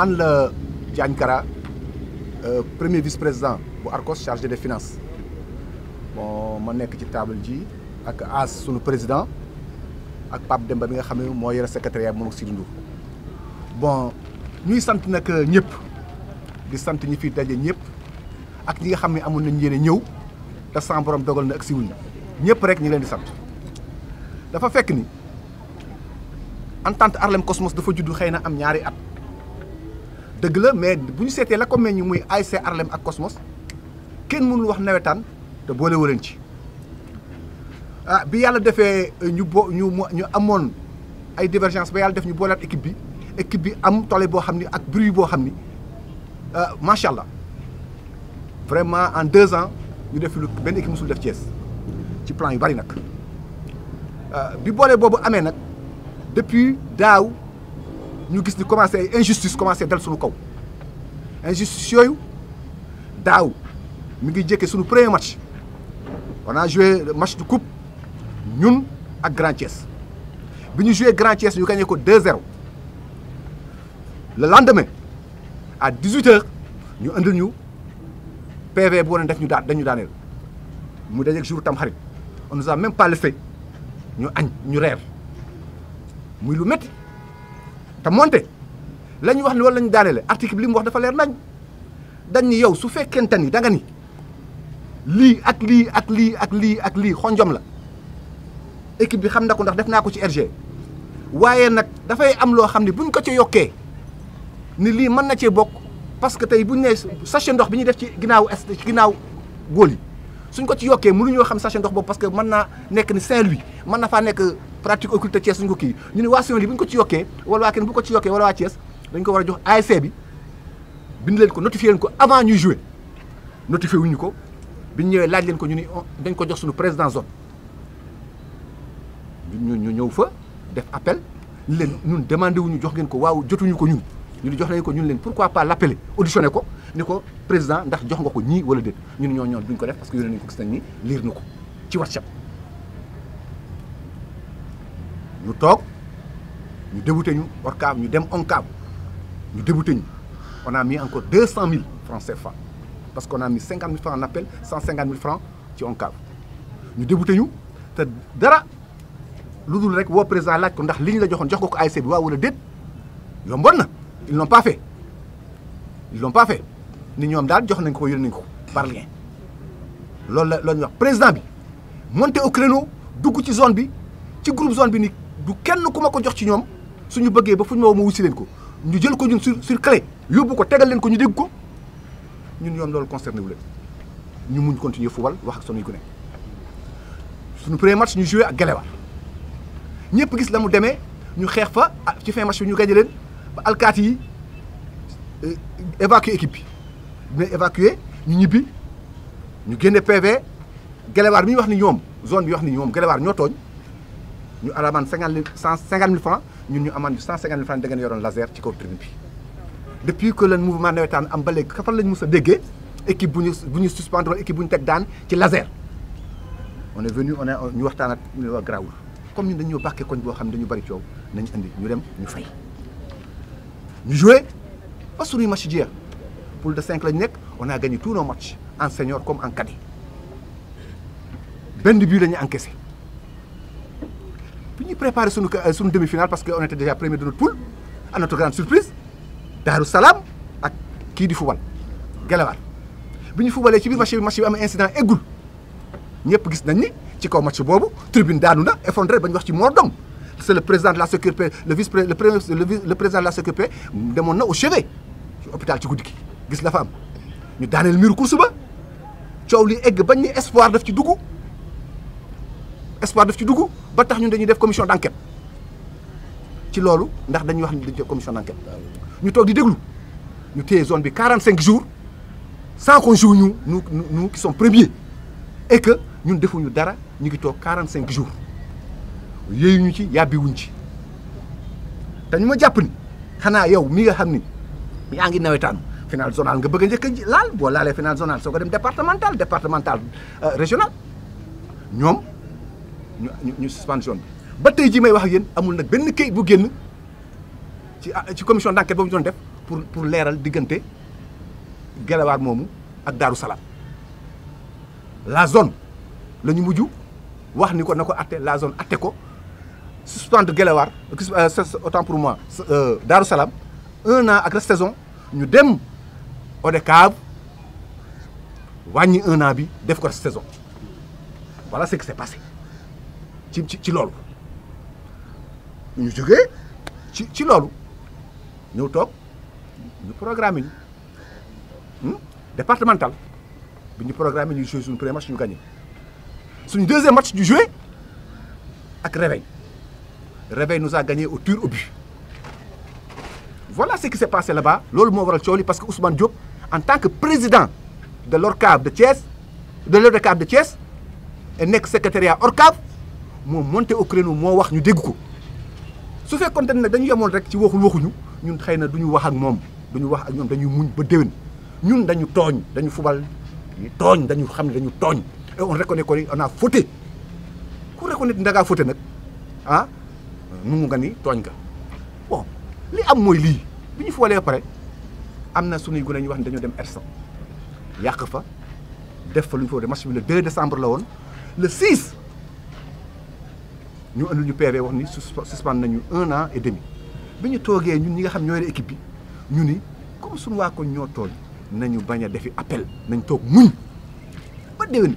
man la Diagne Kara euh, premier vice-président bu ARCOS chargé des finance bon ma nekk ci table ji ak As sunu président ak Pape Demba bi nga xam ne moo yore secrétariat moom ak si Ndour bon ñuy sant nag ñëpp di sant ñi fi daje ñëpp ak ñi nga xam ni amoon nañ yéene ñëw te sans borom dogal na ak si wuñ ñëpp rek ñu leen di sant dafa fekk ni entente Harlem Cosmos dafa juddu xëy na am ñaari at. dëgg la mais bu ñu seetee la ko meññ muy ASC Arlem ak Cosmos kenn mënul wax nawetaan te boole wu ci ah bi yàlla defee ñu bo ñu ñu amoon ay divergence ba yàlla def ñu boolewaat équipe bi équipe bi am tole boo xam ni ak bruit boo xam ni ah, macha allah vraiment en deux ans ñu def lu benn équipe musul def Thiès ci plan yu bari nag ah, bi boole boobu amee nag depuis daaw. ñu gis ni commencé ay injustice commencé dal suñu kaw injustice yooyu daaw mi ngi jëkkee suñu premier match on a joué match de coupe ñun ak Grand Thiès bi ñu joué Grand Thiès ñu gagné ko 2-0 à 18 ñu indil ñu PV bu wane def ñu daan dañu daaneel mu dajeeg jour tam xarit on nous a même pas ñu añ ñu reer muy lu métti. te moonte la ñu wax loolu la ñu daaneele article bi li mu wax dafa leer nañ dañ ni yow su fekkente ni da nga ni lii ak lii ak lii ak lii ak lii xonjom la équipe bi xam na ko ndax def naa ko ci RG waaye nag dafay am loo xam ne buñ ko ci yokkee ni lii mën na cee bokk parce que tey buñ nee sachet ndox bi ñuy def ci ginnaaw est ci ginnaaw góol yi suñ ko ci yokkee mënuñoo xam sachet ndox boobu parce que mën naa nekk ni Saint-Louis mën na faa nekk pratique occulte Thiès suñu ko kii ñu ne waa Saint-Louis bu ñu ko ci yokkee wala waa kenn bu ko ci yokkee wala waa dañ ko war a jox ASC e bi bind leen ko notifié leen ko avant ñuy jouer notifié wuñu ko biñ ñëwee laaj leen ko ñu ni oh, dañ ko jox suñu président zone ñu ñu ñëw fa def appel ñu leen ñun demandé wuñu jox ngeen ko waaw jotuñu ko ñun ñu jox leen ko ñun leen pour pourquoi pas l'appeler auditionné ko ni ko président ndax jox nga ko ñii wala déet ñun ñoo ñoon duñ ko def parce que yónnee nañ ko gis nañ liir na ko ci WhatsApp ñu toog ñu débouté ñu ORCAV ñu dem ONCAV ñu débouté ñu on a mis encore deux cent mille francs CFA parce qu'on a mis cinquante mille francs en appel cent cinquante mille francs ci ONCAV ñu débouté ñu te dara lu dul rek woo président laaj ko ndax li ñu la joxoon jox ko ko ASC bi waaw wala déet yomboon na ils l'ont pas fait ils l'ont ni ñoom daal jox nañ ko yónni nañ ko par lien loolu la loolu ñu wax président bi monté au dugg ci zone bi ci groupe zone bi ni du kenn ku ma ko jox ci ñoom suñu bëggee ba fu ñu ma woo leen ko ñu jël ko ñun su sur clé yóbbu ko tegal leen ko ñu dégg ko ñun ñoom loolu concerné wu leen ñu muñ continuer fubal wax ak sunuy gune suñu premier match ñu joué ak Guéléwaar ñëpp gis la mu demee ñu xeex fa ah, ci fin match ñu gañe leen ba alkaati euh, évacuer équipe bi mais évacuer ñu ñibbi ñu génne PV Guéléwaar mi ñu wax ni ñoom zone bi wax ni ñoom Guéléwaar ñoo tooñ ñu alamaan cinquante mille cent cinquante mille francs ñu amaan cent cinquante mille francs da ngeen yoroon laser ci kaw tribune bi depuis que le mouvement nawetaan am ba léegi kafal lañ mos a déggee équipe bu ñu bu ñu suspendre équipe bu ñu teg daan ci laser on est venu on est ñu waxtaan ak waa Grawul comme ñun dañoo ñëw bàkkee koñ boo xam ne dañu bari coow nañ indi ñu dem ñu fay ñu joué ba suñuy match jeex poule de cinq lañ nekk on a gagné tous nos matchs en senior comme en cadet benn but la ñu encaissé préparé suñu euh, suñu demi-finale parce que on était déjà premier de notre poule à notre grande surprise Daaru ak kii di fubal Gelewaar bi ñu fubalee ci biir match bi match bi am incident eggul ñëpp gis nañ ni ci kaw match boobu tribune daanu na effondré bañu ñu wax ci Mor Dong c'est le président de la sécurité le vice le premier le président de la sécurité demoon na au chevet ci hôpital ci guddi gis la fa am ñu daaneel miiru course ba coow li egg bañ ni espoir def ci dugg. espoir daf ci dugg ba tax ñun dañuy def commission d' ci loolu ndax dañuy wax ni dañuy def commission d' ñu toog di déglu ñu téye zone bi 45 jours sans qu'on jour ñu nous nous qui sommes premiers et que ñun defuñu dara ñu ngi toog 45 jours ñu ci yàbbiwuñ ci te ñu ma jàpp ni xanaa yow mi nga xam ni yaa ngi nawetaan final zonal nga bëgg njëkk laal boo laalee final zonal soo ko dem départemental départemental euh, régional ñoom. ñu ñu suspension bi ba tey ji may wax ak amul na benn kayit bu génn ci ci commission d'enquête boobu ñu def pour pour leeral diggante Gelawaar moomu ak Daaru Salaam la zone lañu ñu mujj wax ni ko na ko atte la zone atte ko suspendre Gelawaar euh, autant pour moi euh, Daaru Salaam un an saison ñu dem ODCAV wàññi un bi def ko saison wala ce qui s'est passé ci ci ci loolu ñu jóge ci ci loolu ñu toog ñu programme ñu hmm? departemental bi ñu programme ñu joué suñu premier match ñu gagné suñu deuxième match ñu joué ak Réveil Réveil nous a gagné au tir au but voilà ce qui s'est passé là loolu moo waral coow li parce que Ousmane Diop en tant que président de l'ORCAV de Thiès de l'ORCAV de Thiès et nekk secrétariat ORCAV moo monté au créneau moo wax ñu dégg ko su fekkoonte ne dañu yemoon rek ci waxul waxuñu ñun xëy na ñu wax ak moom duñu wax ak ñoom dañuy muñ ba déwén ñun dañu tooñ dañu fubal tooñ dañu xam ne dañu tooñ et on reconnaît ko ni on a fauté ku reconnaître da nag ah nu nga ni tooñ nga bon li am mooy lii bi ñu foolee pare am na sunuy gune ñu wax ne dañoo dem Hersal yàq fa def fa lu ñu fa de match bi le 2 décembre la woon le 6 ñu andil ñu PV wax ni suspend nañu un a et demi bi ñu toogee ñun ñi nga xam ñooy équipe bi ñu ni comme suñu waa ko ñoo tooñ nañu bañ a defi appel nañ toog muñ ba déwén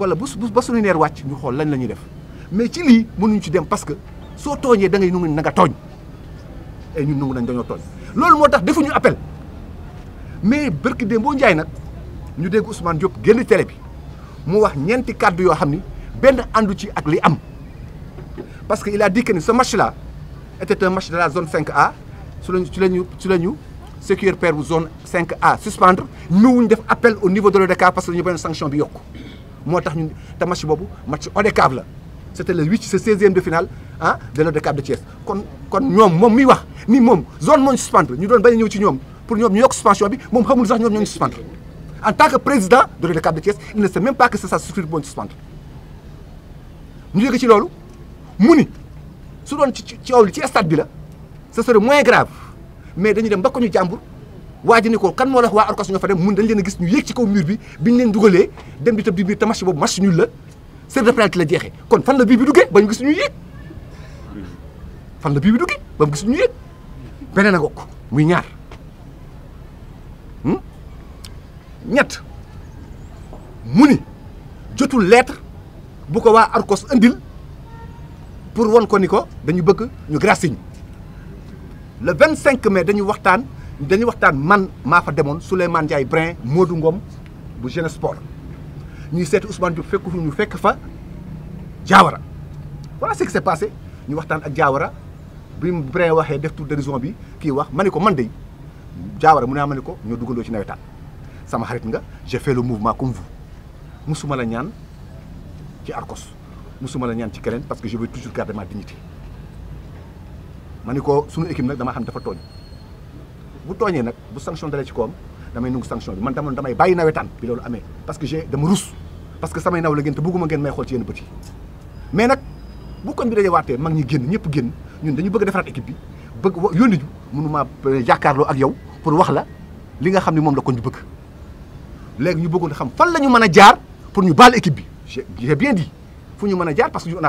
wala bu ba suñu neer wàcc ñu xool lañ la ñuy def mais ci lii mënuñ ci dem parce que soo tooñee dangay ngay nangu na nga tooñ ay ñun nangu nañ dañoo tooñ loolu moo tax defuñu appel mais bërki déem boo njaay nag ñu dégg Ousmane Diop génn télé bi mu wax ñeenti kàddu yoo xam ni benn àndu ci ak li am parce que il a dit que ni ce match là était un match de la zone 5A su lañu su lañu su lañu sécurité paire bu zone 5A suspendre ñëwuñu def appel au niveau de l'ODCAV parce que ñu benn sanction bi yokku moo tax ñun te match boobu match ODCAV la c'était le huit ce seizième de finale ah de l'ODCAV de Thiès kon kon ñoom moom miy wax ni moom zone moo ñu suspendre ñu doon bañ a ñëw ci ñoom pour ñoom ñu yokk suspension bi moom xamul sax ñoom ñoo ñu suspendre en tant que président de loolu mu su doon ci coow li ci stade bi la sa serait moins grave mais dañu dem ba ñu jàmbur waa ji ni ko kan moo la waa orchestre ñoo fa dem mun dañ leen gis ñu yéeg ci kaw mur bi biñ leen dugalee dem di tëb di biir te match boobu match nul la série de pénalty la jeexee kon fan la bii bi duggee ba ñu gis ñu yéeg fan la bii bi duggee ba mu gis ñu yéeg beneen a gokk muy ñaar hmm? ñett mu ni jotul lettre bu ko waa arcos andil pour won ko ni ko dañu bëgg ñu gracier ñu le 25 mai dañu waxtaan dañu waxtaan man maa fa demoon Souleymane Ndiaye Brin Modou ngoom bu Jeunesse Sport ñuy seeti Ousmane fekk fekku ñu fekk fa Diawara waa ce qui s'est passé ñu waxtaan ak Diawara bi Brin waxee def tour d'horizon bi kii wax ma ne ko man de Diawara mu ne ah, ma ne ko ñoo duggandoo ci nawetaan sama xarit nga j'ai fait le mouvement comme vous musuma la ñaan ci Arcos. musuma la ñaan ci keneen parce que je veux toujours garder ma dignité ma ni ko suñu équipe nag damaa xam dafa tooñ bu tooñee nag bu sanction dalee ci koom damay nungu sanction bi man dama damay bàyyi nawetaan bi loolu amee parce que j'ai dama rus parce que samay naw la gën te bëgguma ngeen may xool ci yenn bët mais nag bu kon bi dajee waatee mag ñi génn ñëpp génn ñun dañu bëgg defaraat équipe bi bëgg wa yónni ñu mënuma jàkkaarloo euh, ak yow pour wax la li nga xam ne moom la kon bëgg léegi ñu bëggoon xam fan la ñu mën a jaar pour ñu baal équipe bi j'ai bien fu ñu mën a jaar parce que on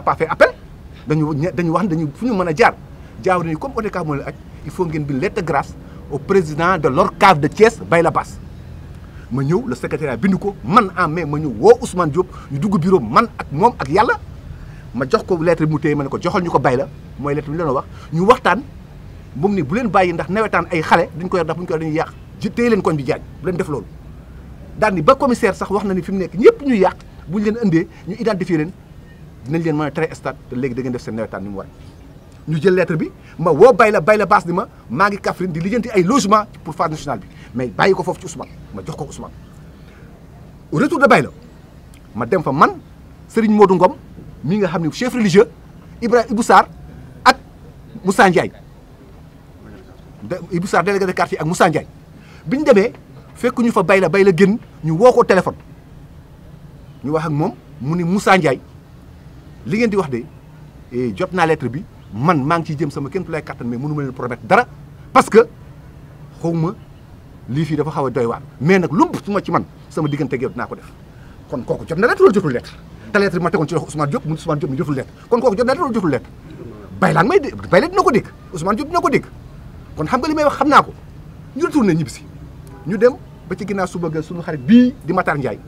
dañu dañu dañu fu ñu mën a jaar jaaw nañu comme ODCAV moo la aj il faut ngeen bind lettre de grâce au président de l'ORCAV de Thiès Bayla Bass ma ñëw le secrétariat bind ko man en mais ma ñëw woo Ousmane Diop ñu dugg bureau man ak moom ak yàlla ma jox ko lettre bi mu téye ma ne ko joxal ñu ko bay la mooy lettre bi ñu leen wax ñu waxtaan moom nii bu leen bàyyi ndax nawetaan ay xale dañ ko yor ndax bu ñu ko yor yàq ji téye leen bi jaaj bu leen def loolu daal ni ba commissaire sax wax na ni fi mu nekk ñëpp ñuy yàq bu leen indee ñu identifier leen dinañ leen mën a tere stade te léegi da ngeen def seen nawetaan ni mu waree ñu jël lettre bi ma woo Bayla Bayla Baas ni ma maa ngi Kaffrine di lijjanti ay logement pour phase nationale bi mais bàyyi ko foofu ci Ousmane ma jox ko Ousmane au retour de Bayla ma dem fa man sëriñ Modou Ngom mi nga xam ne chef religieux Ibrahima Ibou Sarr ak Moussa Ndiaye Ibou Sarr délégué de ak Moussa Ndiaye bi ñu demee fekk ñu fa Bayla Bayla génn ñu woo ko téléphone ñu wax ak moom mu ni Moussa Ndiaye li ngeen di wax de eh, jot naa lettre bi man maa ngi ciy jëm sama kenn ku lay kattan mais mënu ma leen promettre dara parce que xaw ma lii fii dafa xaw a doy waar mais nag lump su ma ci man sama digganteeg yow naa ko def kon kooku jot na lettre wala jotul lettre te lettre bi ma tegoon ci loxo Ousmane Diop mu Ousmane Diop mi jotul lettre kon kooku jot na lettre wala jotul lettre baylaan may baylaan dina ko dégg Ousmane Diop dina ko xam nga li may wax xam naa ko ñu retourné ñibbi ñu dem ba ci ginnaaw suba ga suñu xarit bii di na Ndiaye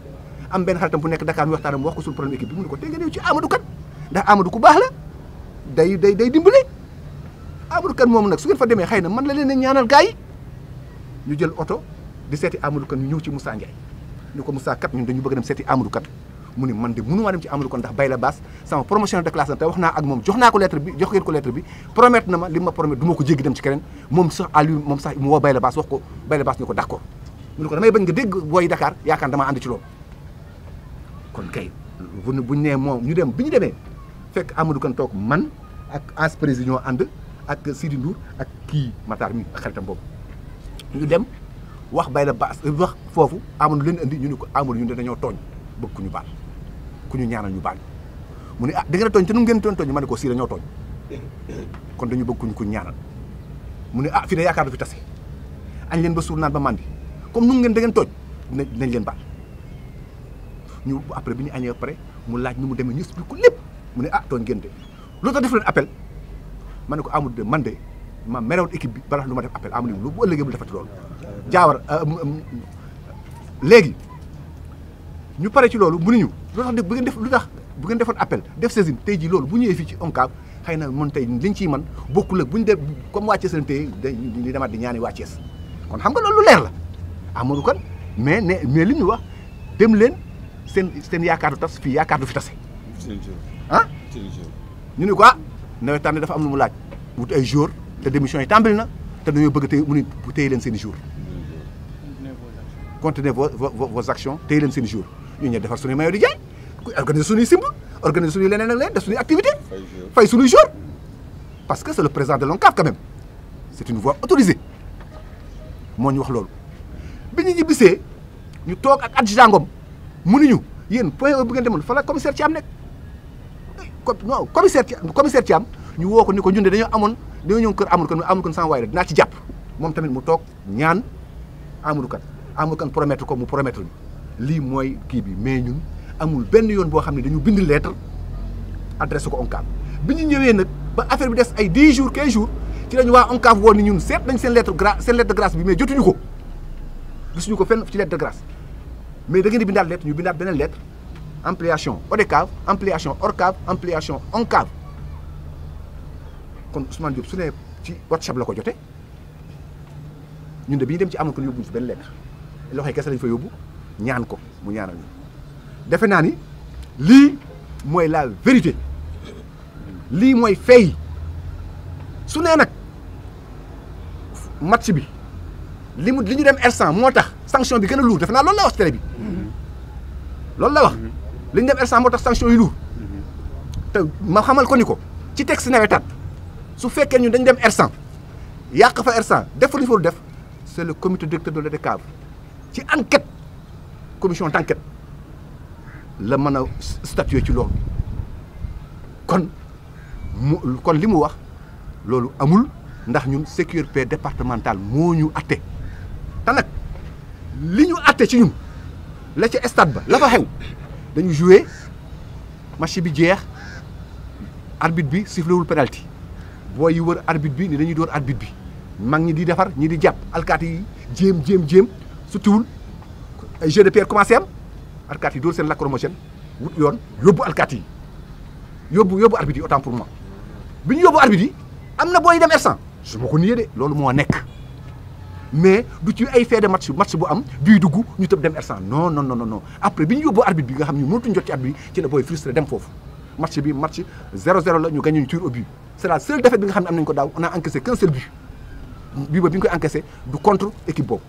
am benn xaritam bu ko suñu problème équipe bi mu ne ko te ndax Amadou ku baax la day day day dimbale Amadou moom nag su ngeen fa demee xëy na man la leen a ñaanal gaay yi ñu jël oto di seeti Amadou Kane ñu ñëw ci Moussa Ndiaye ñu ko Moussa kat ñun dañu bëgg dem seeti Amadou Kane mu ne man de mënumaa dem ci Amadou Kane ndax bay la baas sama promotion de classe te wax naa ak moom jox naa ko lettre bi jox ngeen ko lettre bi promettre na ma li ma promet du ma ko jéggi dem ci keneen moom sax à lui moom sax mu woo bay la baas wax ko bay la baas ko d'accord mu ne ko damay booy Dakar yaakaar damaa ànd ci loolu kon kay buñ nee moom ñu dem bi ñu demee fekk Amadou Kan toog man ak as ñoo ànd ak Sidi Ndour ak kii Matar mi xaritam boobu ñu dem wax bay la baas wax foofu Amadou leen indi ñu ne ko Amadou ñun dañoo tooñ bëgg ñu baal ku ñu ñu baal mu ne ah da ngeen te ngeen doon tooñ ma ne ko sii dañoo tooñ kon dañu bëgg ko ñaanal mu ne ah yaakaar du fi añ leen ba suur naan ba màndi comme nu ngeen da ngeen tooñ dinañ leen baal ñu après bi ñu añee pare mu laaj nu mu demee ñu expliqué lépp. mu ne ah tooñ ngeen de lu tax def leen appel ma ne ko amul de man de ma merewoon équipe bi balax lu ma def appel amul lu bu ëllëgee bu defati loolu jaawar euh, léegi ñu pare ci loolu mënuñu lu tax def bu ngeen def lu tax bu ngeen defoon appel def saisine tey ji loolu bu ñëwee fii ci ONCAV xëy na mën tey liñ ciy man bokkul ak bu ñu def comme waa Thiès lañ tey dañuy demaat di ñaani waa Thiès kon xam nga loolu lu leer la amul kon mais ne mais li ñu wax dem leen seen seen yaakaar du tas fii yaakaar ta fi tase. ah ñu ni quoi ah, nawetaan dafa am lu mu laaj wut ay jour te démission yi tàmbali na te dañoo bëgg tey mu ni téye leen seen i jour contenez vos vos actions téye leen seen i jour ñu ñe defar suñuy maillot di jaay organiser suñuy simb organiser suñuy leneen ak leneen def suñuy activité fay suñuy jour parce que c'est le président de l'ONCAV quand même c'est une voie autorisée moo ñu wax loolu bi ñu ñibbisee ñu toog ak adjudant Ngom mu ni ñu yéen point bu ngeen demoon fa la commissaire ci am nekk non commissaire commissaire Thiam ñu woo ko ni ko ñun de dañoo amoon dañoo ñëw kër Amadou Kane Amadou Kane sama waay la dinaa ci jàpp moom tamit mu toog ñaan Amadou Kane Amadou Kane promettre ko mu promettre ñu lii mooy kii bi mais ñun amul benn yoon boo xam ne dañu bind lettre adresse ko ONCAV bi ñu ñëwee nag ba affaire bi des ay 10 jours 15 jours ci lañu waa ONCAV woon ni seet nañ seen lettre gra seen lettre de grâce bi mais jotuñu ko gisuñu ko fenn ci lettre de grâce mais da ngeen di bindaat lettre ñu bindaat beneen lettre ampliation ODCAV ampliation ORCAV ampliation ONCAV kon Ousmane Diop su ne ci WhatsApp la ko jote ñun de bi ñu dem ci amoon kon yóbbuñu loxo kese lañ fa yóbbu ñaan ko mu ñaanal ñu defe naa ni lii mooy la lii mooy fay su nee nag match bi li li ñu dem r moo tax sanction bi gën a lourd naa loolu la wax télé bi mhm. loolu la wax mhm. li ñu def instant moo tax sanction yi lourd mhm. te ma xamal ko ni ko ci teg texte nawetaan su fekkee ñu dañu dem r yàq fa R100 def lu ñu war def c' est le comité directeur de la l'ODCAV ci enquête commission d' la mën a statuer ci loolu kon mu kon li mu wax loolu amul ndax ñun sécurité départementale moo ñu atte te li ñu atte ci ñun la ca stade ba la fa xew dañu joué match bi jeex arbitre bi sifflewul penalty booy yi wër arbitre bi ni dañuy door arbitre bi mag ñi di defar ñi di jàpp alkaati yi jéem jéem jéem suttiwul ay jeu de pierre commencé am alkaati yi door seen lacrymogène wut yoon yóbbu alkaati yóbbu yóbbu arbitre yi autant pour bi ñu yóbbu arbitre yi am na booy dem instant su ma ko niyee de loolu moo nekk. mais du ci ay fait de match match bu am bii dugg ñu tëb dem ersan no non no non après bi ñu yóbbu arbitre bi nga xam ñu mënatuñ jot ci arbitre bi ci la booy frustré dem foofu match bi match 0-0 la ñu gagné ñu tir ko a encaissé qu'un seul bii ba bi ñu koy encaissé du contre équipe boobu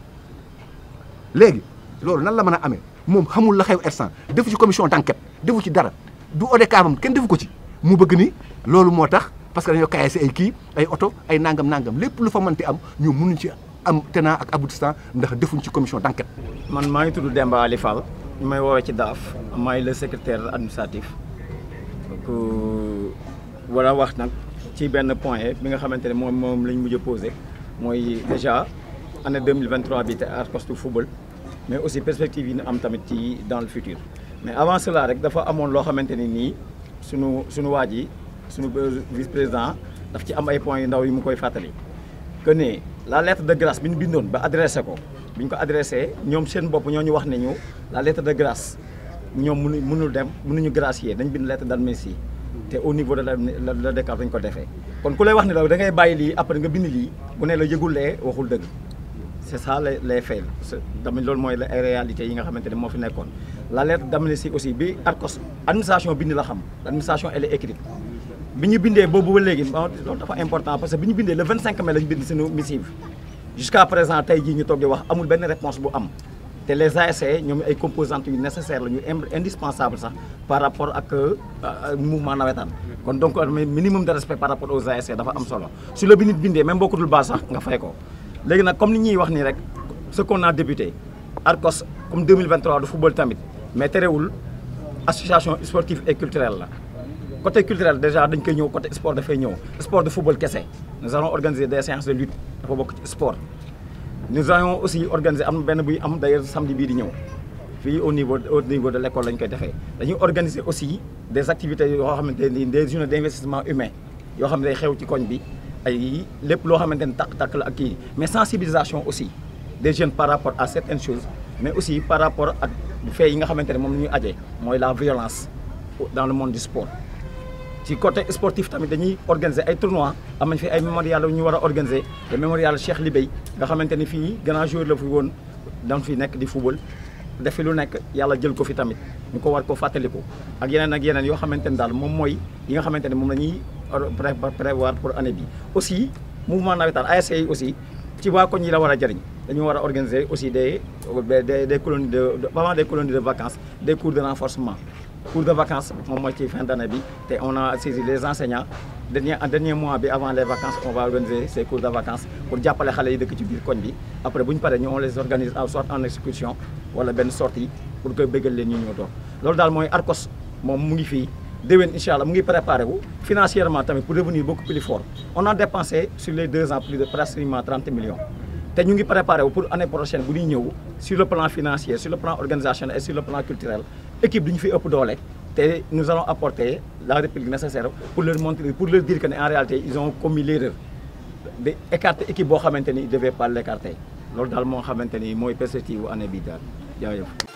léegi loolu nan la mën a amee moom xamul la xew ersan defu ci commission d'enquête defu ci dara du odekaamam kenn defu ko ci mu bëgg ni loolu moo tax parce que dañoo kaayase ay kii ay oto ay nangam nangam lépp lu fa mënti am ñoom mënuñ ci am tenant ak aboutissant ndax defuñ ci commission d'enquête. man maa ngi tudd dembaali Ali Fall ñu may woowee ci daaf maay le secrétaire administratif donc war euh, wax nag ci benn point bi nga xamante ne moom moom lañ mujj a posé mooy déjà année 2023 bi te à poste football mais aussi perspective yi ñu am tamit ci dans le futur mais avant cela rek dafa amoon loo xamante ne nii sunu sunu waa ji sunu vice président daf ci am ay point yu ndaw yi mu koy fàttali que la lettre de grâce bi ñu bindoon ba adressé ko bi ñu ko adressé ñoom seen bopp ñoo ñu wax ne ñu la lettre de grâce ñoom mu mënu mënul dem mënuñu gracier dañ bind lettre d'admission te au niveau de la la Dekar dañ ko defee. kon ku lay wax ne da ngay bàyyi lii après nga bind lii bu ne la yëgulee waxul dëgg c'est ça les les faits tamit loolu mooy ay réalités yi nga xamante ne moo fi nekkoon. la lettre d'admission aussi bi ARCOS administration bind la xam l'administration elle est écrite. bi ñu bindee boobu ba léegi loolu dafa important parce que bi ñu bindee le 25 la ñu bind suñu missive jusqu'à présent tey ji ñu toog di wax amul benn réponse bu am te les ASC e ñoom ay composante yu nécessaire la ñu indispensable sax par rapport ak euh, mouvement nawetaan kon donc minimum de respect par rapport aux ASC e dafa am solo su la bi nit bindee même bokkutul baax sax nga fay ko léegi nag comme ni ñuy wax nii rek ce qu'on a débuté ARCOS comme 2023 du football tamit mais terewul association sportive et culturelle la côté culturel déjà dañ koy ñëw côté sport dafay ñëw sport de football kese nous allons organiser des séances de lutte dafa bokk ci sport. nous allons aussi organiser am benn buy am d'ailleurs samedi bii di ñëw fii au niveau au niveau de l'école lañ koy defee dañuy organiser aussi des activités yoo xamante ni des journées d'investissement humain yoo xam ne day xew ci koñ bi ay lépp loo xamante ni takk-takk la ak kii mais sensibilisation aussi des jeune par rapport à certaines mais aussi par rapport ak faits nga xamante ne moom la ñuy ajee mooy la violence dans le monde sport ci côté sportif tamit dañuy organiser ay tournois am nañ fi ay mémorial yu ñu war a organiser le mémorial Cheikh Libey nga xamante ni fii grand joueur la fi woon dañ fi nekk di football def lu nekk yàlla jël ko fi tamit ñu ko war ko fàttaliku ak yeneen ak yeneen yoo xamante ni daal moom mooy yi nga xamante ne moom la ñuy prévoir pour année bi aussi mouvement navétane ASC yi aussi ci waa koñ yi la war a jariñ dañu war a organiser aussi des des des colonies de des colonies de vacances des cours de vacances moom mooy ci fin d'année bi te on a saisi les enseignants dernier mois bi avant les vacances on va organiser ces cours de vacances pour jàppale xale yi ci biir koñ bi après bu ñu paree ñu on les organise soit en excursion wala benn sortie pour que bëggal leen ñu ñëw daal mooy ARCOS moom mu ngi fii déwén incha mu ngi préparé wu financièrement tamit pour devenir beaucoup on a dépensé sur les deux ans plus de pratiquement 30 millions te équipe du ñu fi ëpp doole te nous allons apporter la réplique nécessaire pour leur montrer pour leur dire que ne en réalité ils ont commis de écarter boo xamante ni ils devaient pas l'écarter loolu daal moo xamante ni mooy perspective bu année bi daal